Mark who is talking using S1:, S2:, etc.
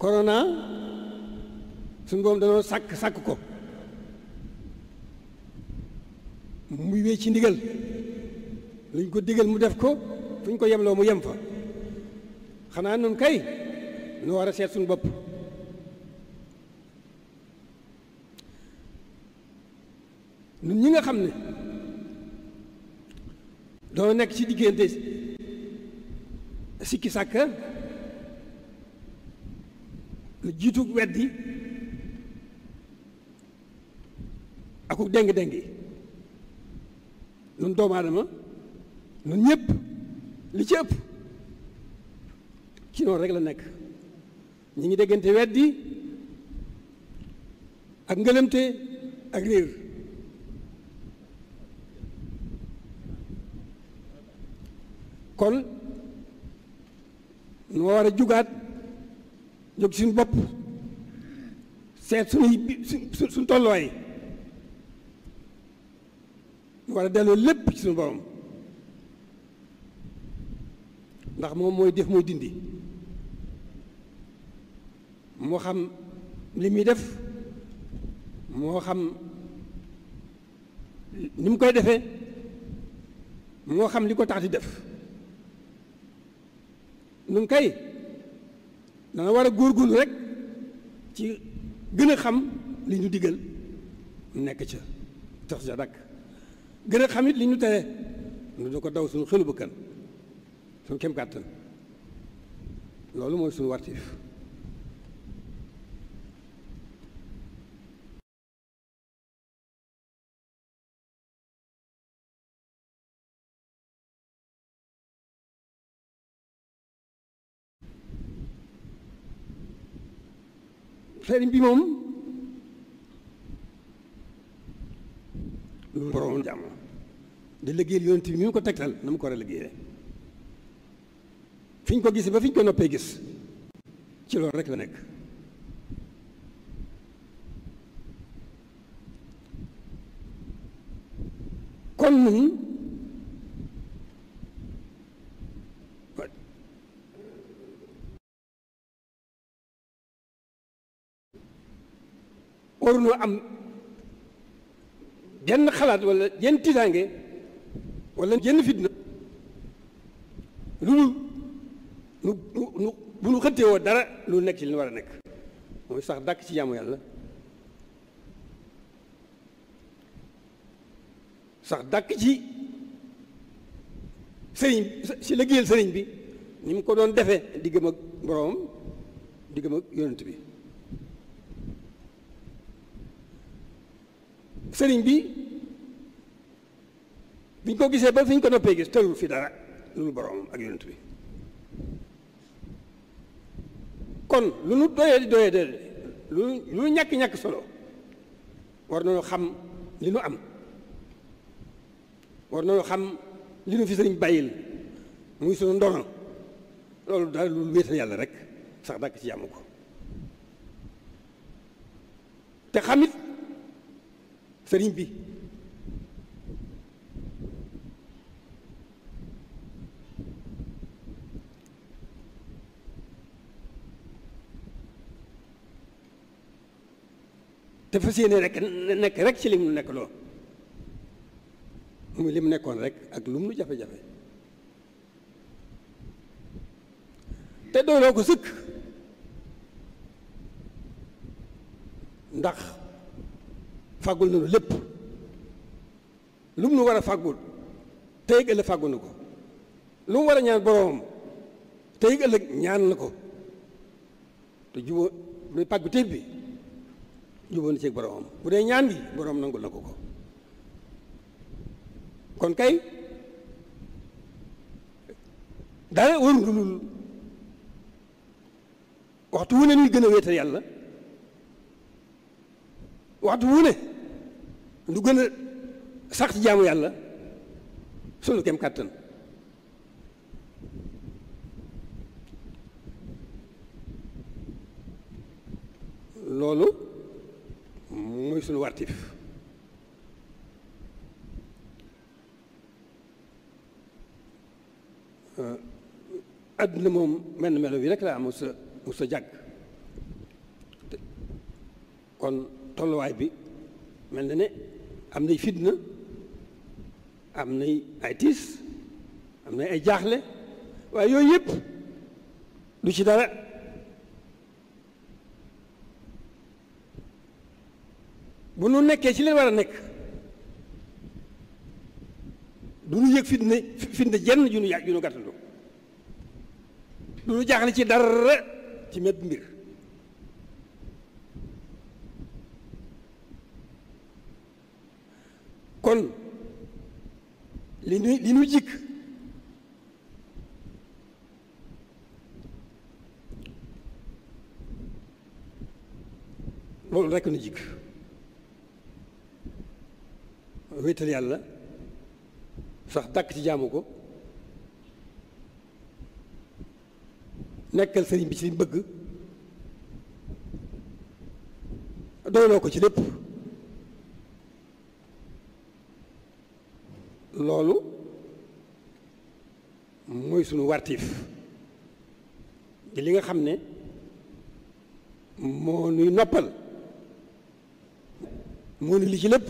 S1: corona suñu boom danoo sàkk sàkk ko muy wéy ci ndigal luñ ko digal mu def ko fuñ ko yemloo mu yem fa xanaa nun kay nu war a seet suñu bopp nun ñi nga xam ne doo nekk ci diggante sikki sàkka te jiitu weddi aku déng-déng yi nun doomu aadama nun ñëpp li ci ëpp ci noonu la nekk ñu ngi déggante weddi ak ngëlëmte ak réer kon nu ma war a jugaat jóg suñ bopp seet suñuy suñ tolluwaay war a delloo lépp ci suñu borom ndax moom mooy def mooy dindi moo xam li muy def moo xam ni mu koy defee moo xam li ko tax di def nun kay dana war a góorgóorlu rek ci gën a xam li ñu diggal nekk ca tax ja dakk gën a xam it li ñu tere nu du ko daw suñu xelu bëkkan suñu kem kàttan loolu mooy suñu wartiif sëriñ bi moom loolu boroom jàmm da liggéeyal yonent bi mi mu ko tegtal na mu ko war liggéeyee fi ñu ko gisee ba fi ñu ko noppee gis ci loolu rek la nekk kon nun waruñoo am jenn xalaat wala jenn tiitaange wala jenn fitna lu nu nu bu nu xëttee woo dara lu nekk ci li war a nekk mooy sax dàkk ci jaamu yàlla sax dàkk ci sëriñ si liggéeyal sëriñ bi ni mu ko doon defee diggam ak boroomam diggam ak yonent bi sëriñ bi biñ ko gisee ba fi ñu ko noppee gis tërul fi dara lu boroomam ak yonent bi kon lu nu doyee di doyee de lu lu ñàkk-ñàkk solo war nañu xam li nu am war nañu xam li nu fi sëriñ bàyyil muy sunu ndono loolu daal lu wéetal yàlla rek sax dàkk ci yàmm ko te xamit sëriñ bi te fas yéene rek nekk rek ci li mu nekk loo muy li nekkoon rek ak lu mu nu jafe-jafe te doyloo ko sëkk ndax fàggul nañu lépp lu mu nu war a fàggul tey ëllëg fàggu ko lu mu war a ñaan boroomam tey ëllëg ñaan na ko te jubóo muy pàgg bi téeg bi jubóo na ci bu dee ñaan bi boroom nangul na ko ko kon kay daana warul lu waxtu wu ne ñuy gën a wéetal yàlla waxtu wu ne nu gën a sax ci jaamu yàlla sunu kem kàttan loolu mooy sunu wartif euh, àdduna moom mel na melo bi rek laa am sa mu sa jàgg kon tolluwaay bi mel na ne am nay fitna am nay ay tiis am nay ay jaaxle waaye yooyu yëpp du ci dara bu nu nekkee ci leen war a nekk du nu yëg fitna fitna jenn ju nu yaa ju nu gàttandu du nu jaaxle ci dara ci met mbir kon li nu li nu jikk loolu rekk jikk wéetal yàlla sax dàkk ci jaamu ko nekkal sëriñ bi ci li bëgg doyloo ko ci lépp loolu mooy sunu wartiif di li nga xam ne moo nuy noppal moo nu li ci lépp